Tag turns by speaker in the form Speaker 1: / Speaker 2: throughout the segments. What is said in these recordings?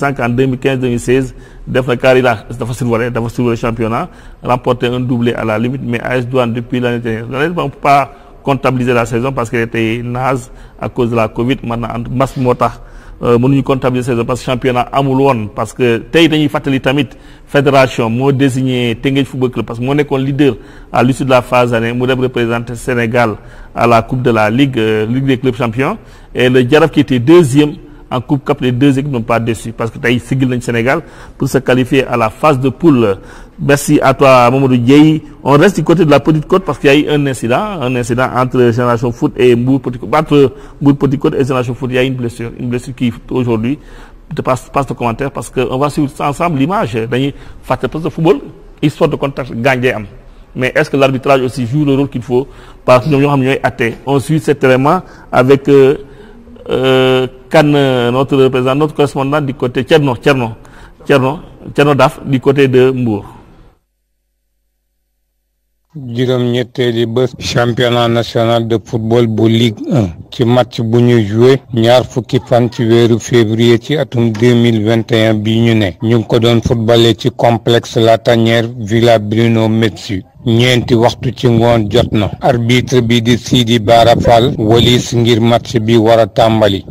Speaker 1: sànq en 2015 2016 def na Carila dafa survolé dafa survolé championnat remporté un doublé à la limite mais AS Douanes depuis l'année dernière l'année on peut pas comptabiliser la saison parce qu'elle était naze à cause de la Covid maintenant mbas moo tax euh, mënuñu comptabiliser saison parce que championnat amul woon parce que tey dañuy fàttali tamit fédération moo désigné Teungueth Football Club parce que moo nekkoon leader à l'issue de la phase année mu dem représenter Sénégal à la coupe de la ligue euh, ligue en Coupe CAF les deux équipes n'ont pas déçu parce que tey sigil Sénégal pour se qualifier à la phase de poule merci à toi Mamadou Dieye on reste du côté de la Petite Côte parce y a eu un incident un incident entre Génération Foot et Mbour Petite Côte et Génération Foot y a une blessure une blessure qui aujourd'hui te passe passe de commentaire parce que on va suivre ensemble l'image dañuy fàtte parce que football histoire de contact gaañ am mais est que l'arbitrage Euh, kan euh, notre représentant notre correspondant du côté Tcherno Tcherno Tcherno Daf du côté de Mbour
Speaker 2: juróom-ñetteeli bés championnat national de football bu Ligue ci match bu ñu joué ñaar fukki fan ci weeru février ci atum deux mille vingt bi ñu ne ñu ngi ko doon footballé ci complex La Tanière Villa Bruno Metsu ñeenti waxtu ci ngoon jot na arbitre bi di Sidi Bara Fall walis ngir match bi wara a tàmbali.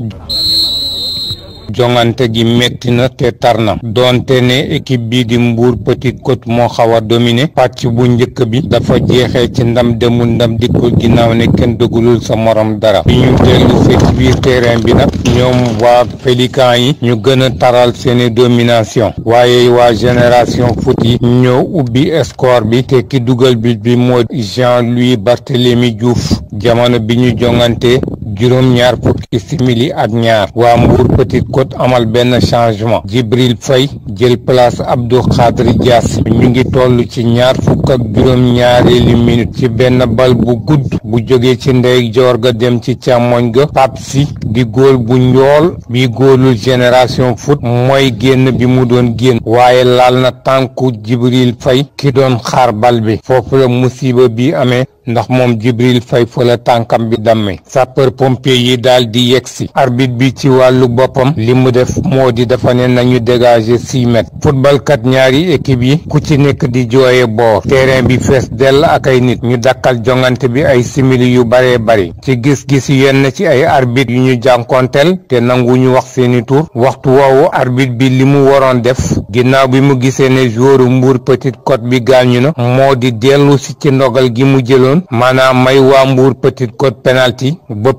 Speaker 2: jongante gi metti na te tar na donte ne équipe bi di Mbour Petite Côte moo xaw a dominé pàcc bu njëkk bi dafa jeexe ci ndam demul ndam dikkul ginnaaw ne kenn dëggulul sa morom dara bi ñu dellu ci biir terrain bi nag ñoom waa Pélicans yi ñu gën a taral seeni domination waaye waa génération foot yi ñoo ubbi score bi te ki dugal bi bi moo Jean-Louis Barthélemy Diouf jamono bi ñu jongante juróom ñaar fukki fukki simili ak ñaar waa Mbour Petite Côte amal benn changement Jibril fay jël place Abdou Khadri Diassi ñu ngi toll ci ñaar fukk ak juróom ci benn bal bu gudd bu jóge ci ndey joor ga dem ci càmmoñ ga papsi di góor bu njool bi góolul génération foot mooy génn bi mu doon génn waaye laal na tànku Jibril fay ki doon xaar bal bi foofu la musiba bi amee ndax moom Jibril Faye fa la tànkam bi damme di yegsi arbitre bi ci wàllu boppam li mu def moo di dafa ne nañu dégager six mètres footballkat ñaari équipe yi ku ci nekk di jooye boor terrain bi fees dell ak ay nit ñu dakkal jongante bi ay simili yu baree bari ci gis-gis yenn ci ay arbitre yu ñu jànkonteel te ñu wax seeni tur waxtu woowu arbitre bi li mu waroon def ginnaaw bi mu gisee ne joueur Mbour Petite Côte bi gaañu na moo di dellu si ci ndogal gi mu jëloon maanaam may waa Mbour Petite Côte penalty ba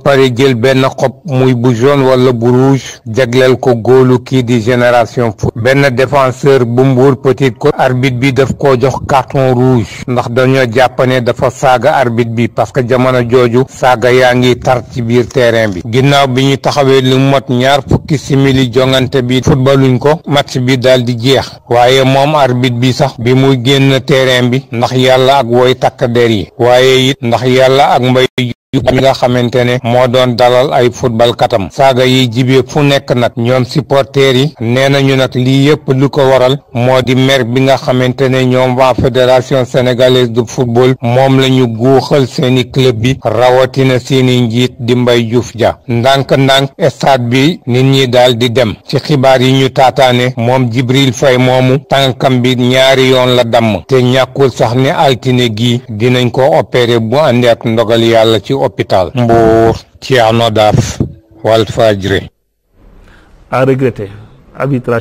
Speaker 2: bopp muy bu jaune wala bu rouge jagleel ko góolu kii di génération foot benn défenseur bu mbuur Petite ko arbitre bi daf koo jox carton rouge ndax dañoo jàpp ne dafa saaga arbitre bi parce que jamono jooju saaga yaa ngi tar ci biir terrain bi ginnaaw bi ñu taxawee lu mot ñaar fukki simili jongante bi footballuñ ko match bi dal di jeex waaye moom arbitre bi sax bi muy génn terrain bi ndax yàlla ak woy takk der yi waaye it ndax yàlla ak mbay bi nga xamante ne moo doon dalal ay football katam saaga yi jibee fu nekk nag ñoom supporters yi nee nañu nag lii yëpp du ko waral moo di mer bi nga xamante ne ñoom waa fédération sénégalaise de football moom la ñu guuxal seeni club bi rawatina seeni njiit di mbay Diouf ja ndànk-ndànk stade bi nit ñi daal di dem ci xibaar yi ñu taataane moom Jibril Faye moomu tànkam bi ñaari yoon la damm te ñàkkul sax ne altine gi dinañ ko opéré bu àndi ndogal yàlla ci hôpital. Mbour.
Speaker 1: Thierno Daaf. a à regretter arbitrage.